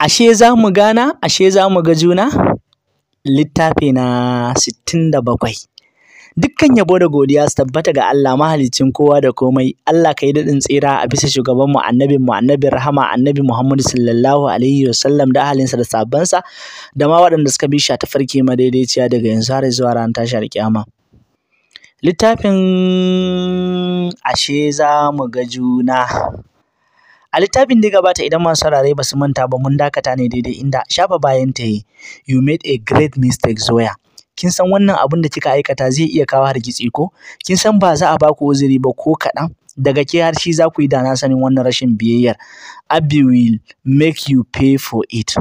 ashe za mu gana ashe za mu ga juna littafi na sittin da bakwai dukkan yabo da godiya su tabbata ga Allah mahaliccin kowa da komai Allah ka yi daɗin tsira a bisa shugaban mu annabin mu annabin rahama annabi Muhammadu sallallahu alaihi wasallam da ahalinsa da sabbansa da ma waɗanda suka bi shi ta daidai madaidaiciya daga yanzu har zuwa ran tashar kiyama littafin ashe za mu ga juna A littafin da gabata idan masu saurare ba su manta ba mun dakata ne daidai inda shafa bayan ta yi you made a great mistake Zoya. Kin san wannan abin da kika aikata zai iya kawo hargitsi ko? Kin san ba za a ba uzuri ba ko kaɗan? Daga ke har shi za ku yi da na sanin wannan rashin biyayyar. Abi will make you pay for it.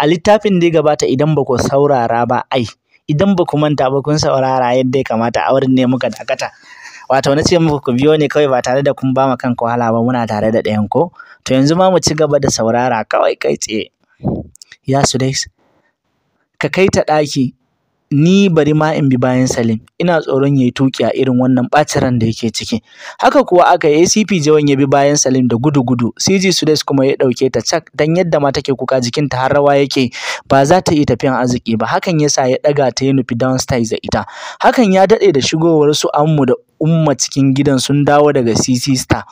A littafin da gabata idan ba ku saurara ba ai. Idan ba ku manta ba kun saurara yadda ya kamata a wurin ne muka dakata. wato na ce muku ku biyo ne kawai ba tare da kun ba ma kanku wahala ba muna tare da ɗayan ko To yanzu ma mu ci gaba da saurara kawai kai tsaye. Ya su dai, ka kai ta ɗaki ni bari ma in bi bayan Salim, ina tsoron ya yi tuƙi a irin wannan ɓacin ran da yake ciki. Haka kuwa aka yi ACP Jawan ya bi bayan Salim da gudu-gudu, CG Sudais kuma ya ɗauke ta cak don yadda ma take kuka jikinta har rawa yake ba za ta yi tafiyan arziki ba, hakan ya sa ya ɗaga ta ya nufi downstairs da ita. Hakan ya daɗe da shigowar su Ammu da umma cikin gidan sun dawo daga CC Star.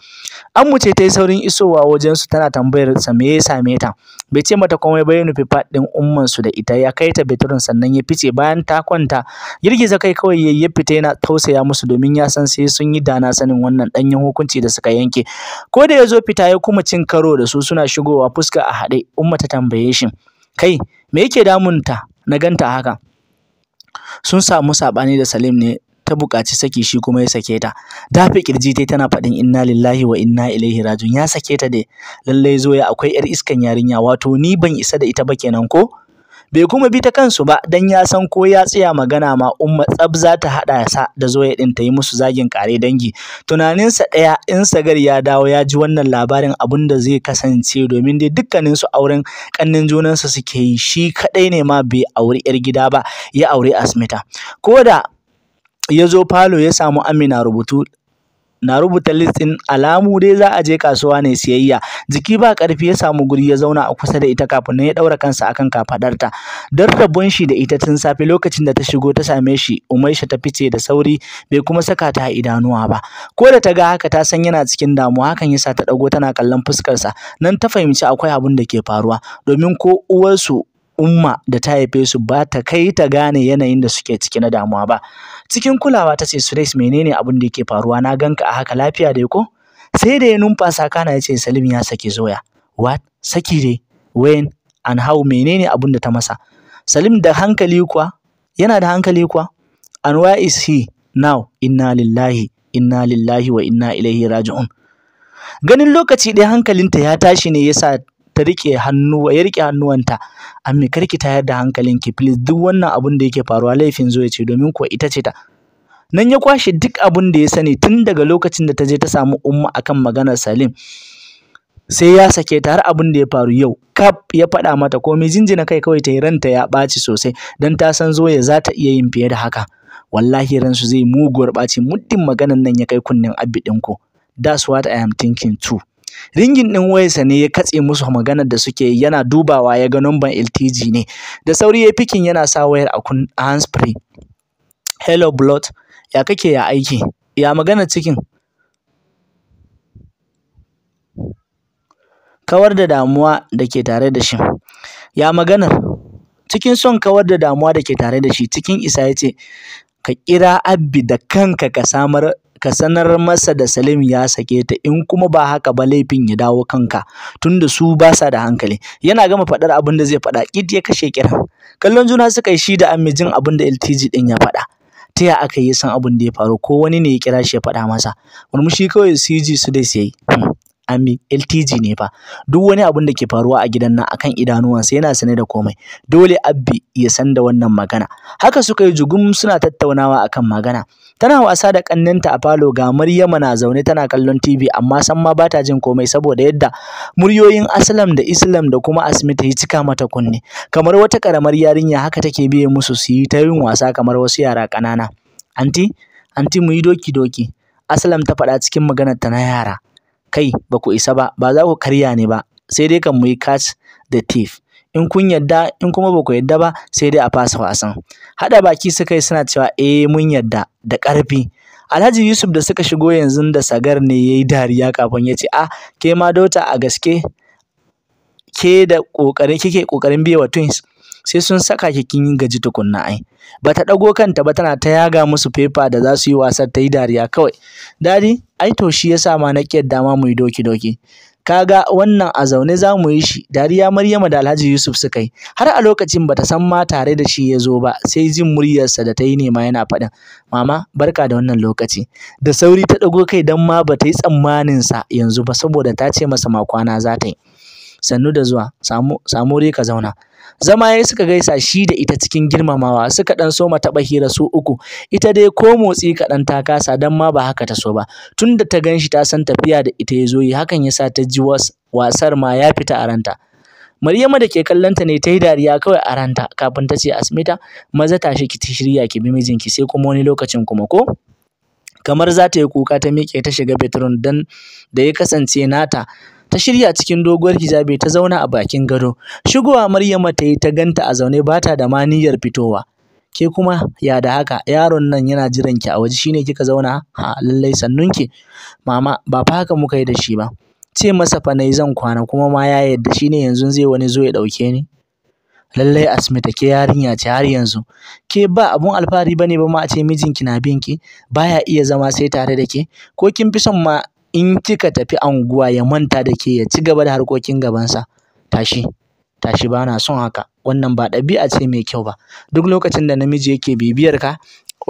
An ce ta yi saurin isowa wajensu tana tambayar sa me ya same ta. Bai ce mata komai ba ya nufi fat ɗin umman su da ita ya kai ta bedroom sannan ya fice bayan ta kwanta. Girgiza kai kawai ya fita yana tausaya musu domin ya san sai sun yi dana sanin wannan ɗanyen hukunci da suka yanke. Ko da ya zo fita ya kuma cin karo da su suna shigowa fuska a haɗe umma ta tambaye shi. Kai me yake damunta na ganta haka? Sun samu saɓani da Salim ne ta buƙaci saki shi kuma ya sake ta fi kirji tai tana faɗin inna lillahi wa inna ilaihi rajiun ya sake ta dai lalle zoya akwai yar iskan yarinya wato ni ban isa da ita ba kenan ko bai kuma bi ta kansu ba dan ya san ko ya tsaya magana ma umma tsab za ta haɗa sa da zoya ɗin ta yi musu zagin ƙare dangi tunaninsa ɗaya in sagar ya dawo ya ji wannan labarin abun da zai kasance domin dai dukkaninsu auren ƙannin junansa suke yi shi kaɗai ne ma bai auri 'yar gida ba ya auri asmita ko da ya zo falo ya samu Amina na rubutu na rubuta list ɗin alamu dai za a je kasuwa ne siyayya jiki ba karfi ya samu guri ya zauna a kusa da ita kafin ya ɗaura kansa akan kafaɗarta don rabon shi da ita tun safe lokacin da ta shigo ta same shi umaisha ta fice da sauri bai kuma saka ta idanuwa ba ko da ta ga haka ta san yana cikin damuwa hakan yasa ta dago tana kallon fuskarsa nan ta fahimci akwai abin da ke faruwa domin ko uwarsu umma da ta haife su ba ta kai ta gane yanayin da suke ciki na damuwa ba cikin kulawa ta ce sures menene abin da yake faruwa na ganka a haka lafiya da ko sai da ya numfasa kana ya ce Salim ya saki Zoya what saki dai when and how menene abin da ta masa Salim da hankali kuwa yana da hankali kuwa and where is he now inna lillahi inna lillahi wa inna ilaihi raji'un ganin lokaci ɗaya hankalinta ya tashi ne yasa ta riƙe hannu ya riƙe hannuwanta amma kar ki tayar da hankalinki please duk wannan abun da yake faruwa laifin Zoe ce domin kuwa ita ce ta nan ya kwashe duk abun da ya sani tun daga lokacin da ta je ta samu umma akan maganar Salim sai ya sake ta har abin da ya faru yau kaf ya faɗa mata ko komai jinjina kai kawai ta yi ranta ya ɓaci sosai don ta san Zoe za ta iya yin fiye da haka wallahi ransu zai muguwar ɓaci muddin maganar nan ya kai kunnen abbi ɗinku that's what I am thinking too ringin ɗin wayarsa ne ya katse musu maganar da suke yana dubawa ya ga numban LTG ne da sauri ya fikin yana sa wayar a kun handsfree hello blood ya kake ya aiki ya maganar cikin kawar da damuwa da ke tare da shi ya maganar cikin son kawar da damuwa da ke tare da shi cikin isa ya ce ka kira abbi da kanka ka samar ka sanar masa da Salim ya sake ta in kuma ba haka ba laifin ya dawo kanka tunda su ba sa da hankali yana gama faɗar abin da zai faɗa kid ya kashe kira kallon juna suka yi shi da amijin abin da LTG din ya faɗa ta ya aka yi san abin da ya faru ko wani ne ya kira shi ya faɗa masa murmushi kawai CG su dai sai hmm. ami LTG ne fa duk wani abin da ke faruwa a gidan nan akan idanuwansa yana sane da komai dole Abbi ya san da wannan magana haka suka yi jugum suna tattaunawa akan magana tana wasa da ƙanninta a falo ga Maryama na zaune tana kallon TV amma san ma bata jin komai saboda yadda muryoyin Aslam da Islam da kuma Asmit ya cika mata kunne kamar wata karamar yarinya haka take biye musu su yi ta yin wasa kamar wasu yara kanana anti anti mu yi doki doki Aslam ta faɗa cikin maganar ta na yara kai ba ku isa ba ba za ku karya ne ba sai dai kan mu yi catch the thief in kun yarda in kuma ba ku yadda ba sai dai a fasa wasan haɗa baki suka yi suna cewa eh mun yadda, da ƙarfi Alhaji Yusuf da suka shigo yanzu da sagar ne ya yi dariya kafin ya ce ah ke ma dota a gaske ke da ƙoƙarin kike ƙoƙarin biye wa twins sai sun saka ki kin gaji tukunna ai bata dago kanta ba tana ta yaga musu fefa da za su yi wasar ta yi dariya kawai dadi ai to shi yasa ma na kiyar dama mu yi doki doki Ka ga wannan a zaune za mu yi shi dariya maryama da alhaji yusuf suka yi har a lokacin bata san ma tare da shi ya zo ba sai jin muryarsa da ta yi nema yana faɗin mama barka da wannan lokaci da sauri ta ɗago kai don ma ba ta yi tsammaninsa yanzu ba saboda ta ce masa makwana za ta yi sannu da zuwa samu samu ka zauna zama yayi suka gaisa shi da ita cikin girmamawa suka dan soma taɓa hira su uku ita dai ko motsi kaɗan ta kasa don ma ba haka ta so ba tunda ta ganshi ta san tafiya da ita ya zo yi hakan yasa ta ji wasar ma ya fita a ranta Maryama da ke kallonta ne ta yi dariya kawai a ranta kafin ta ce Asmita maza ta shi ki shirya ki bi mijinki sai kuma wani lokacin kuma ko kamar za ta yi kuka ta miƙe ta shiga bedroom dan da ya kasance nata ta shirya cikin doguwar hijabi ta zauna a bakin gado. Shigowa Maryama ta yi ta ganta a zaune ba ta da ma niyyar fitowa. Ke kuma ya da haka yaron nan yana jiran ki a waje shine kika zauna A lallai sannunki mama ba fa haka muka yi da shi ba ce masa fa nayi zan kwana kuma ma ya yarda shine yanzu zai wani zo ya ɗauke ni lallai asmita ke yarinya ce har yanzu ke ba abun alfahari bane ba ma a ce mijinki na bin ki baya iya zama sai tare da ke ko kin fi son ma in kika tafi anguwa ya manta da ke ya ci gaba da harkokin gabansa tashi tashi ba na son haka wannan ba ɗabi'a ce mai kyau ba duk lokacin da namiji yake bibiyar ka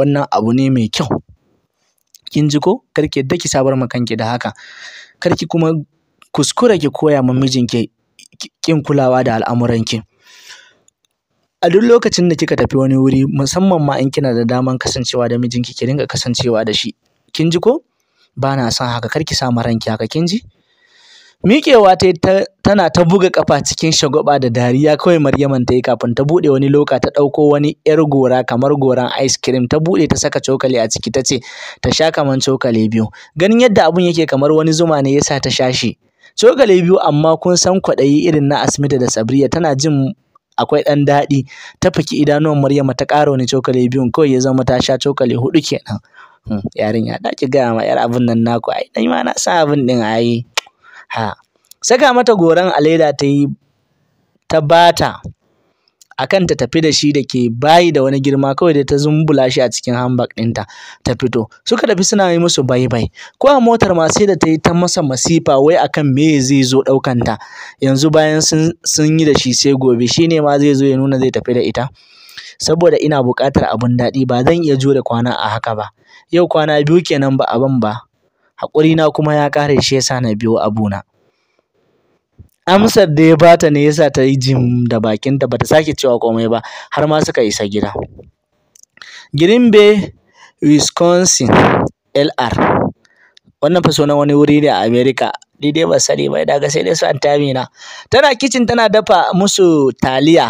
wannan abu ne mai kyau kin ji ko kar ki yadda ki sabar ma kanki da haka kar kuma kuskura ki koya ma mijinki kin kulawa da al'amuranki a duk lokacin da kika tafi wani wuri musamman ma in kina da daman kasancewa da mijinki ki dinga kasancewa da shi kin ji ko ba na son haka kar ki sa ranki haka kin ji miƙewa ta tana ta buga kafa cikin shagwaba da dariya kawai Maryaman ta yi kafin ta buɗe wani loka ta ɗauko wani 'yar gora kamar goran ice cream ta buɗe ta saka cokali a ciki ta ce ta sha kamar cokali biyu ganin yadda abun yake kamar wani zuma ne yasa ta sha shi cokali biyu amma kun san kwaɗayi irin na Asmita da Sabriya tana jin akwai ɗan daɗi ta faki idanuwan Maryama ta ƙara wani cokali biyun kawai ya zama ta sha cokali hudu kenan hmm, yarinya ya ki gaya ma yar abin nan naku ai ni ma na sa abin ɗin ai ha saka mata goran aleda ta yi ta bata akan ta tafi da shi da ke bayi da wani girma kawai da ta zumbula shi a cikin handbag ɗinta ta fito suka tafi suna yi musu bai bai ko a motar ma sai da ta yi ta masa masifa wai akan me zai zo ɗaukan ta yanzu bayan sun yi da shi sai gobe shi ne ma zai zo ya nuna zai tafi da ita saboda ina buƙatar abin daɗi ba zan iya jure kwana a haka ba yau kwana biyu kenan ba a ban ba haƙurina kuma ya ƙare shi yasa na biyo abuna amsar da ya bata ne yasa ta yi jim da bakinta bata sake cewa komai ba har ma suka isa gida Green Bay Wisconsin LR wannan fa sunan wani wuri ne a America ni dai ba sani ba daga sai dai su an tami na tana kitchen tana dafa musu taliya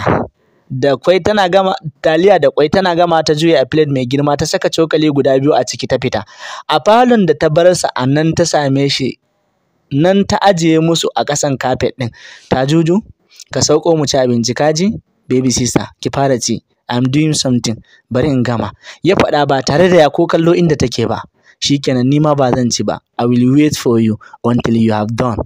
da kwai tana gama taliya da kwai tana gama ta juya a plate mai girma ta saka cokali guda biyu a ciki ta fita a falon da ta bar sa a nan ta same shi nan ta ajiye musu a ƙasan kafet ɗin. Ta juju, ka sauko mu ci abinci ka ji? Baby sister, ki fara ci. I'm doing something. Bari in gama. Ya faɗa ba tare da ya ko kallo inda take ba. Shi ni ma ba zan ci ba. I will wait for you until you have done.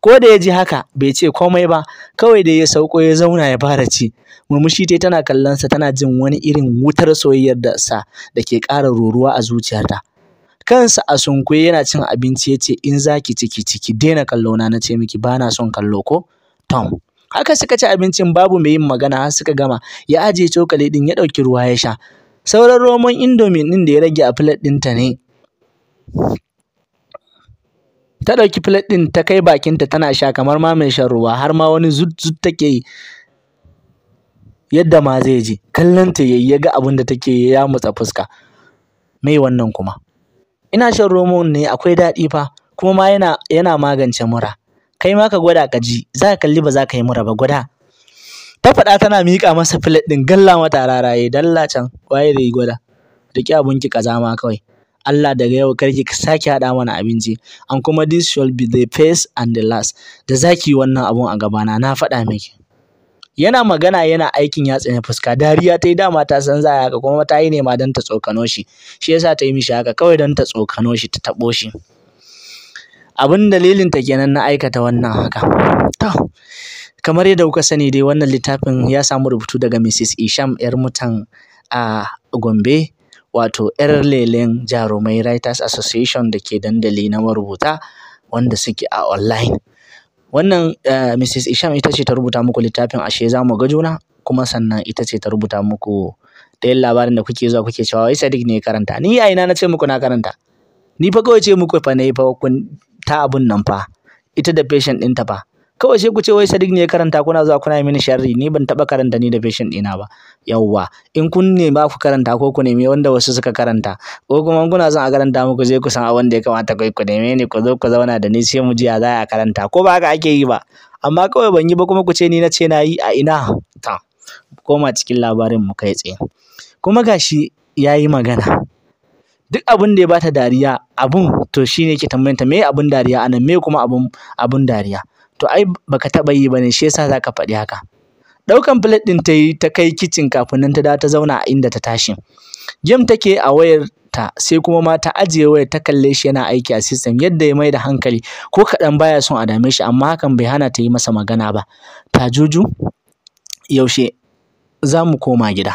Ko da ya ji haka bai ce komai ba, kawai da ya sauko ya zauna ya fara ci. Murmushi tai tana kallon kallonsa tana jin wani irin wutar soyayyar da sa da ke ƙara ruruwa a zuciyarta. kansa a sunkuye yana cin abinci ya ce in za ki ci ki daina kallo na ce miki ba na son kallo ko tom haka suka ci abincin babu mai yin magana har suka gama ya ajiye cokali din ya ɗauki ruwa ya sha sauran romon indomin din da ya rage a filet ɗinta ne ta ɗauki filet ɗin ta kai bakinta tana sha kamar ma mai shan ruwa har ma wani zut zut take yi yadda ma zai ji kallon ta yayi ya ga abin da take ya mutsa fuska mai wannan kuma Ina shan romon ne akwai daɗi fa kuma ma yana, yana magance mura. Kai ma ka gwada ka ji, za ka kalli ba za ka yi mura ba gwada. Ta faɗa tana miƙa masa filet ɗin galla mata raraye dalla can waye zai gwada. ki abinki ƙazama kawai. Allah daga yau kar ki sake haɗa mana abinci An kuma this shall be the first and the last. Da zaki yi wannan abun a gabana na faɗa miki. yana magana yana aikin yatsa tsane fuska dariya ta yi dama ta san za haka kuma ta yi nema don ta tsokano shi shi yasa ta yi mishi haka kawai don ta tsokano shi ta taɓo shi abin dalilin ta kenan na aikata wannan haka to kamar yadda kuka sani dai wannan littafin ya samu rubutu daga Mrs. Isham yar mutan a Gombe wato ‘yar lelen jarumai writers association da ke dandali na marubuta wanda suke a online wannan eh, Mrs. Isham ita ce ta rubuta muku littafin ashe za mu ga juna kuma sannan ita ce ta rubuta muku ɗayan labarin da kuke zuwa kuke cewa wai Sadiq ne ya karanta ni a ina na ce muku na karanta ni fa kawai ce muku fa ne fa kun ta abun nan fa ita da patient ɗinta fa kawai sai ku ce wai Sadiq ne ya karanta kuna zuwa kuna mini sharri ni ban taba karanta ni da fashion ɗina ba yawwa in kun ne ba ku karanta ko ku nemi wanda wasu suka karanta ko kuma kuna son a karanta muku je ku san abin da ya kamata kai ku neme ni ku zo ku zauna da ni sai mu ji ya za a karanta ko ba haka ake yi ba amma kawai ban yi ba kuma ku ce ni na ce na yi a ina ta koma cikin labarin mu kai tsaye kuma gashi ya yi magana duk abin da ya bata dariya abun to shine yake tambayanta me abun dariya anan me kuma abun abun dariya to ai baka taɓa yi ba bane shi yasa zaka faɗi haka ɗaukan plate ɗin ta yi ta kai kicin kafin nan ta dawo ta zauna a inda ta tashi game take a wayar ta sai kuma ma ta ajiye wayar ta kalle shi yana aiki a system yadda ya da hankali ko kaɗan baya son a dame shi amma hakan bai hana ta yi masa magana ba ta juju yaushe za mu koma gida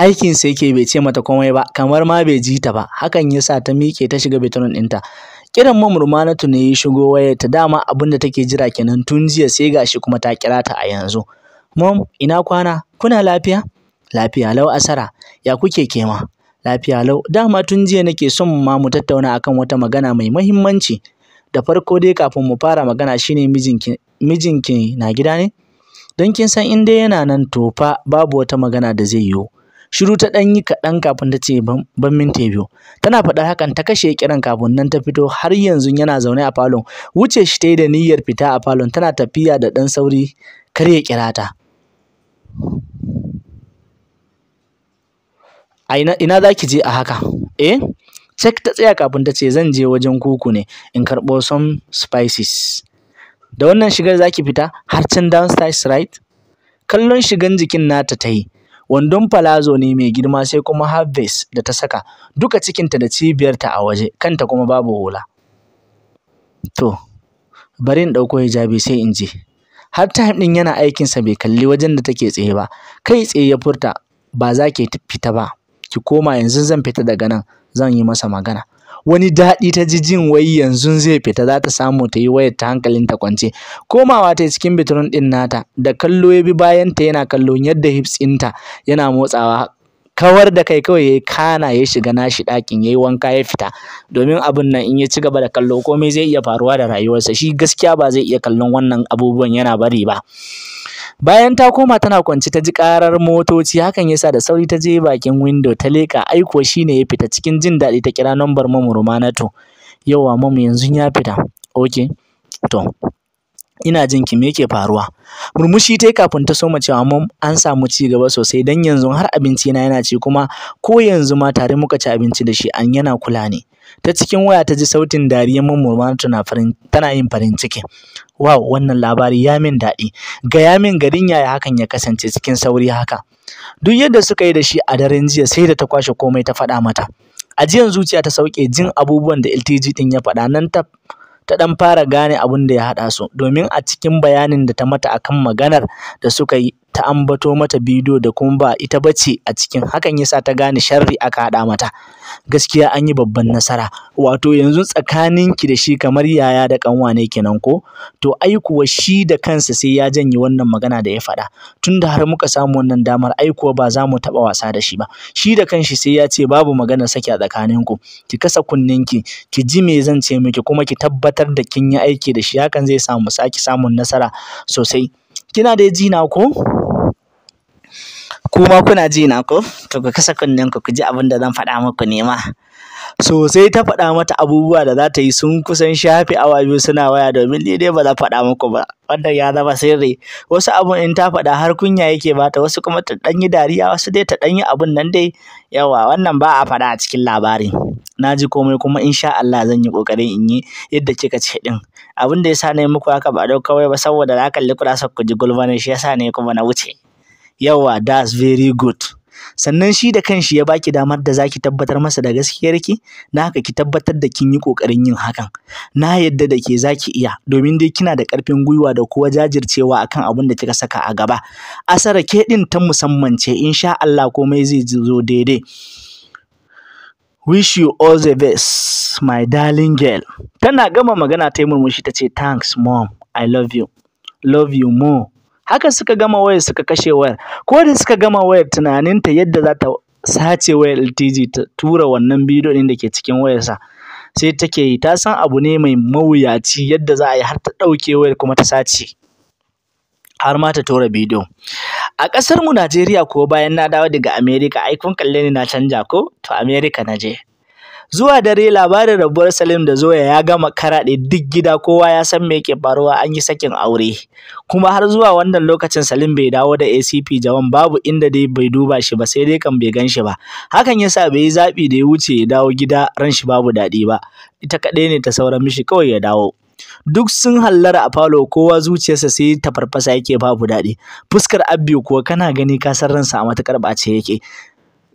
aikin sai yake bai ce mata komai ba kamar ma bai ji ta ba hakan ya sa ta miƙe ta shiga bedroom ɗinta Kiran mam Rumanatu ne ya shigo wayarta dama abin da take jira kenan tun jiya sai gashi kuma ta kira ta a yanzu. Mom, ina kwana? Kuna lafiya? Lafiya lau Asara, ya kuke kema? Lafiya lau, dama tun jiya nake son ma mu tattauna akan wata magana mai muhimmanci. Da farko dai kafin mu fara magana shine mijinki mijinki na gida ne? Don kin san in dai yana nan to fa babu wata magana da zai yiwu. shiru ta ɗan yi kaɗan kafin ta ce ban minti biyu tana faɗar hakan ta kashe kiran kafin nan ta fito har yanzu yana zaune a falon wuce shi ta yi da niyyar fita a falon tana tafiya da ɗan sauri kar ya kira ta a ina, za ki je a haka eh cek ta tsaya kafin ta ce zan je wajen kuku ne in karɓo some spices da wannan shigar za ki fita har can downstairs right kallon shigan jikin nata ta yi wandon palazzo ne mai girma sai kuma Harvest da ta saka duka cikinta da cibiyarta a waje kanta kuma babu hula to bari in ɗauko hijabi sai in je har time ɗin yana aikinsa bai kalli wajen da take tsaye ba kai tsaye ya furta ba za ki fita ba ki koma yanzu zan fita daga nan zan yi masa magana wani daɗi ta ji jin wai yanzu zai fita za ta samu ta yi wayar ta hankalin ta kwance komawa ta cikin bitrun ɗin nata da kallo ya bi bayanta yana kallon yadda hips inta yana motsawa kawar da kai kawai ya kana ya shiga nashi ɗakin ya yi wanka ya fita domin abin nan in ya ci gaba da kallo komai zai iya faruwa da rayuwarsa shi gaskiya ba zai iya kallon wannan abubuwan yana bari ba bayan ta koma tana kwance ta ji karar motoci hakan yasa da sauri ta je bakin window ta leka aiko shine ya fita cikin jin daɗi ta kira number mamu Rumanatu yawa mamu yanzu ya fita okay to ina jin ki me yake faruwa murmushi tai kafin ta soma cewa mom an samu ci gaba sosai dan yanzu har abinci na yana ci kuma ko yanzu ma tare muka ci abinci da shi an yana kula ne ta cikin waya ta ji sautin dariyar mummurmanu tana tana yin farin ciki wow wannan labari ya min daɗi gaya min garin yaya hakan ya kasance cikin sauri haka duk yadda suka yi da shi a daren jiya sai da ta kwashe komai ta faɗa mata ajiyan zuciya ta sauke jin abubuwan da LTG din ya faɗa nan ta ta dan fara gane abin da ya haɗa su domin a cikin bayanin da ta mata akan maganar da suka yi ta ambato mata bidiyo da kuma ba ita bace a cikin hakan yasa ta gane sharri aka haɗa mata gaskiya an yi babban nasara wato yanzu tsakaninki da shi kamar yaya da kanwa ne kenan ko to aikuwa shi da kansa sai ya janye wannan magana da ya faɗa tunda har muka samu wannan damar aikuwa ba za mu taba wasa da shi ba shi da kanshi sai ya ce babu magana saki a tsakaninku ki kasa kunninki ki ji me zan ce miki kuma ki tabbatar da kin yi aiki da shi hakan zai samu saki samun nasara sosai kina da ji na ko kuma kuna ji na ku? to ku kasa kunnen ku ku ji abin da zan faɗa muku ne ma so sai ta faɗa mata abubuwa da za ta yi sun kusan shafe awa biyu suna waya domin ni dai ba za faɗa muku ba wannan ya zama sirri wasu abun in ta faɗa har kunya yake bata wasu kuma ta ɗan yi dariya wasu dai ta ɗan yi abun nan dai yawa wannan ba a faɗa a cikin labari na ji komai kuma insha Allah zan yi ƙoƙarin in yi yadda kika ce ɗin abin da ya sa na yi muku haka ba dau kawai ba saboda na kalli kurasa ku ji gulma ne shi ya sa ne kuma na wuce yawa that's very good sannan shi da kanshi ya baki damar da zaki tabbatar masa da gaskiyarki na haka ki tabbatar da kin yi kokarin yin hakan na yadda da ke zaki iya domin dai kina da karfin gwiwa da kuwa jajircewa akan abin da kika saka a gaba asara ke din ta musamman ce insha Allah komai zai zo daidai wish you all the best my darling girl tana gama magana ta yi murmushi ta ce thanks mom i love you love you more haka suka gama wayar suka kashe wayar ko da suka gama wayar tunanin ta yadda za ta sace wayar LTG ta tura wannan bidiyo din da ke cikin wayarsa sai take yi ta san abu ne mai mawuyaci yadda za a yi har ta ɗauke wayar kuma ta sace har ma ta tura bidiyo a ƙasar mu Najeriya ko bayan na dawo daga America ai kun kalle ni na canja ko to America na je Zuwa dare labarin rabuwar Salim da Zoya ya gama karaɗe duk gida kowa ya san me ke faruwa an yi sakin aure. Kuma har zuwa wannan lokacin Salim bai dawo da ACP Jawan babu inda dai bai duba shi ba sai dai kan bai gan shi ba. Hakan ya sa bai yi zaɓi da ya wuce ya dawo gida ran shi babu daɗi ba. Ita kaɗai ne ta sauran mishi kawai ya dawo. duk sun hallara a falo kowa zuciyarsa sai ta farfasa yake babu daɗi fuskar abbi kuwa kana gani kasar ransa a matakar ɓace yake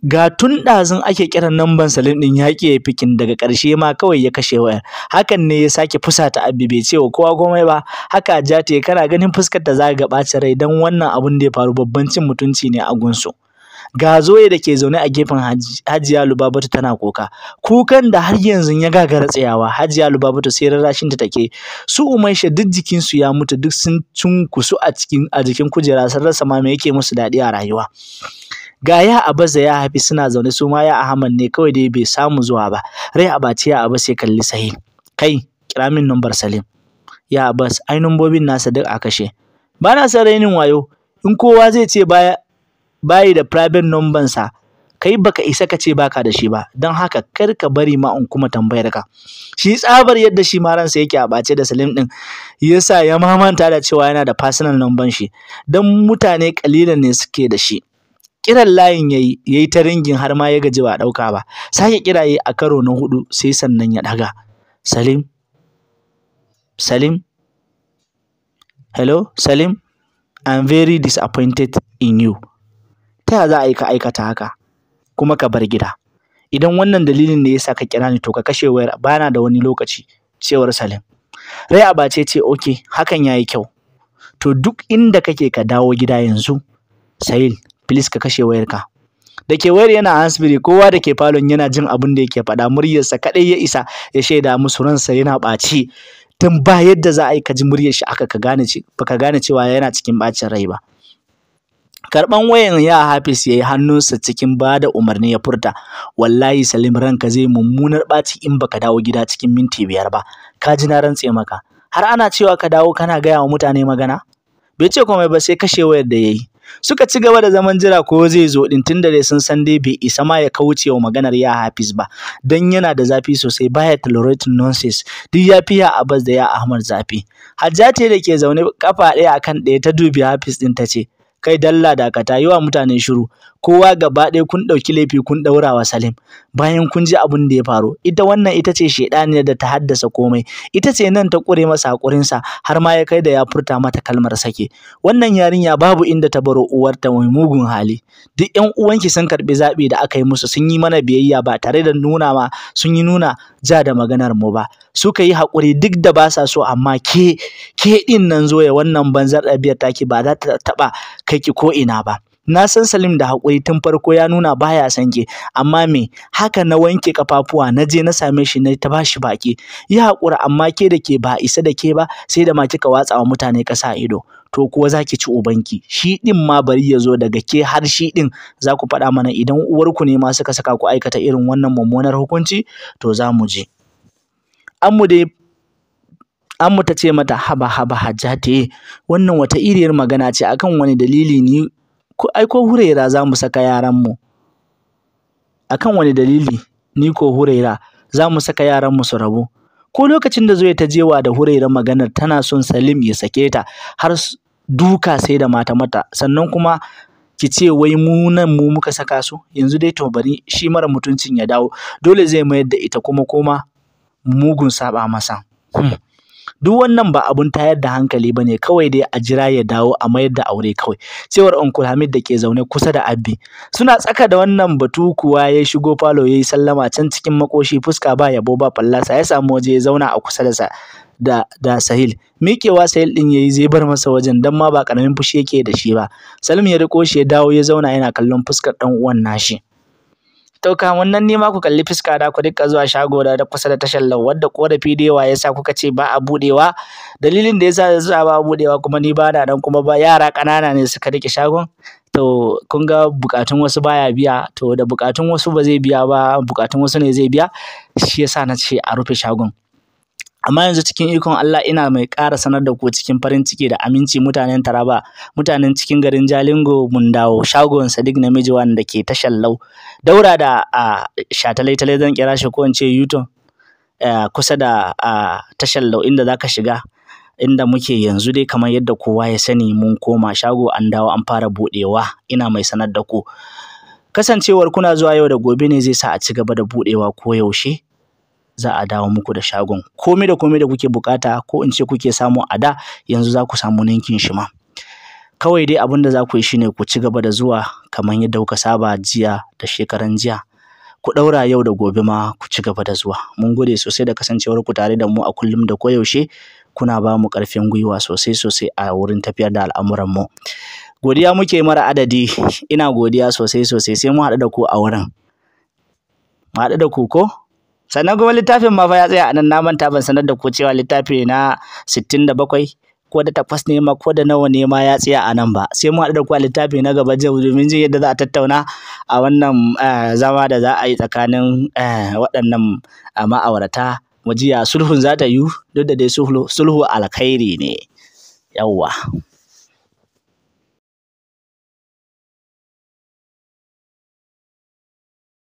ga tun ɗazun ake kiran namban salim ɗin ya ƙi fikin daga ƙarshe ma kawai ya kashe wayar hakan ne ya sake fusata abbi bai ce wa kowa komai ba haka ja ta kana ganin fuskar ta za ga ɓacin rai don wannan abun da ya faru babban cin mutunci ne a gunsu ga zoye da ke zaune a gefen hajiya lubabatu tana kuka kukan da har yanzu ya gagara tsayawa hajiya lubabatu sai rarrashin ta take su umaisha duk jikinsu ya mutu duk sun cunkusu a a jikin kujera sun rasa ma me yake musu daɗi a rayuwa ga ya za ya hafi suna zaune su ma ya ahaman ne kawai dai bai samu zuwa ba rai a abaci ya ba ya kalli sahi kai kira min numbar salim ya abas ai nasa duk a kashe ba na san rainin wayo in kowa zai ce baya bayi da private number sa kai baka isa ka ce baka da shi ba don haka kar ka bari ma in kuma tambayar ka shi tsabar yadda shi ma ransa yake a bace da Salim din yasa ya mamanta da cewa yana da personal number shi don mutane kalilan ne suke da shi kiran layin yayi yayi ta ringin har ma ya gaji ba ɗauka ba sake kira a karo na hudu sai sannan ya ɗaga Salim Salim Hello Salim I'm very disappointed in you ta za a yi ka aikata haka kuma ka bar gida idan wannan dalilin ne yasa ka kira ni to ka kashe wayar ba na da wani lokaci cewar Salim Rai a bace ce OK, hakan yayi kyau to duk inda kake ka dawo gida yanzu Sahil please ka kashe wayarka da ke wayar yana hansbiri kowa da ke falon yana jin abin da yake faɗa muryarsa kaɗai ya isa ya shaida musu ransa yana ɓaci tun ba yadda za a yi ka ji muryar shi aka ka gane baka gane cewa yana cikin ɓacin rai ba karɓan wayan ya hafiz ya yi hannunsa cikin ba da umarni ya furta wallahi salim ranka zai mummunar ɓaci in baka dawo gida cikin minti biyar ba ka ji na rantse maka har ana cewa ka dawo kana gaya wa mutane magana bai ce komai ba sai kashe wayar da ya yi suka ci gaba da zaman jira ko zai zo din tunda dai sun san dai bai isa ma ya kauce wa maganar ya Hafiz ba dan yana da zafi sosai baya tolerate nonsense duk ya fi ya Abbas da ya Ahmad zafi Hajjati da ke zaune kafa ɗaya akan ɗaya ta dubi Hafiz din ta ce kai dalla dakata yi wa mutane shiru kowa gaba ɗaya kun ɗauki laifi kun ɗaura wa Salim bayan kun ji abin da ya faru ita wannan ita ce shaidaniyar da ta haddasa komai ita ce nan ta ƙure masa haƙurinsa har ma ya kai da ya furta mata kalmar sake wannan yarinya babu inda ta baro uwar ta mai mugun hali duk ƴan uwanki sun karɓi zaɓi da aka yi musu sun yi mana biyayya ba tare da nuna ma sun yi nuna ja da maganar mu ba suka yi haƙuri duk da ba sa so amma ke ke ɗin nan zo ya wannan banzar ɗabiyar taki ba za ta taɓa kai ki ko ina ba na san Salim da haƙuri tun farko ya nuna baya son ki amma me haka na wanke kafafuwa na je na same shi na ta bashi baki ya haƙura amma ke da ke ba isa da ke ba sai da ma kika watsawa mutane kasa ido to kuwa za ki ci ubanki shi ɗin ma bari ya zo daga ke har shi ɗin za ku faɗa mana idan uwarku ne ma suka saka ku aikata irin wannan mummunar hukunci to za mu je mu dai mu ta ce mata haba haba hajjati wannan wata iriyar magana ce akan wani dalili ni ai ko hurera za mu saka yaranmu. Akan wani dalili ni ko Huraira za mu saka yaranmu su rabu. Ko lokacin da Zoe ta jewa da hurera maganar tana son Salim ya sake ta har duka sai da mata mata sannan kuma ki ce wai mu nan mu muka saka su yanzu dai to bari shi mara mutuncin ya dawo dole zai mayar da ita kuma koma mugun saba masa. Hmm. duk wannan ba abun tayar da hankali bane kawai dai a jira ya dawo a mayar da aure kawai cewar uncle Hamid da ke zaune kusa da Abbi suna tsaka da wannan batu kuwa ya shigo falo yayi sallama can cikin makoshi fuska ba yabo ba fallasa ya samu waje ya zauna a kusa da sa da da Sahil mikewa Sahil din yayi zai bar masa wajen dan ma ba karamin fushi yake da shi ba Salim ya riko shi ya dawo ya zauna yana kallon fuskar dan uwan nashi To kamun nan ma ku kalli fuska da ku dinka zuwa shago da kusa da tashar lau wadda korafi da yawa sa kuka ce ba a budewa dalilin da yasa yasa ba a budewa kuma ni ba na nan kuma ba yara ƙanana ne suka rike shagon to kun ga bukatun wasu baya biya to da bukatun wasu ba zai biya ba bukatun wasu ne zai biya shi yasa na ce a rufe shagon amma yanzu cikin ikon Allah ina mai ƙara sanar da ku cikin farin ciki da aminci mutanen Taraba mutanen cikin garin Jalingo mun dawo shagon Sadiq namiji wanda ke tashar lau daura da shatalai-talai zan kira shi ko in ce Yuton kusa da tashar lau inda zaka shiga inda muke yanzu dai kamar yadda kowa ya sani mun koma shago an dawo an fara buɗewa ina mai sanar da ku kasancewar kuna zuwa yau da gobe ne zai sa a ci gaba da buɗewa koyaushe za a dawo muku da shagon komai da komai da kuke bukata ko in ce kuke samu a da yanzu za ku samu ninkin shi ma kawai dai abin da za ku yi shine ku ci gaba da zuwa kamar yadda kuka saba jiya da shekaran jiya ku ɗaura yau da gobe ma ku ci gaba da zuwa mun gode sosai da kasancewar ku tare da mu a kullum da koyaushe kuna ba mu ƙarfin gwiwa sosai sosai a wurin tafiyar da al'amuran mu godiya muke mara adadi ina godiya sosai sosai sai mu haɗu da ku a wurin mu haɗu da ku ko sannan kuma littafin ma fa ya tsaya anan, na manta ban sanar da ku cewa littafi na 67 ko da takwas ne ma ko da nawa ne ma ya tsaya anan ba sai mu haɗu da ku littafi na gaba jiya domin jin yadda za a tattauna a wannan eh, zama da za a yi tsakanin eh, waɗannan eh, ma'aurata mu jiya sulhun za ta yi duk da dai sulhu alkhairi ne yawa.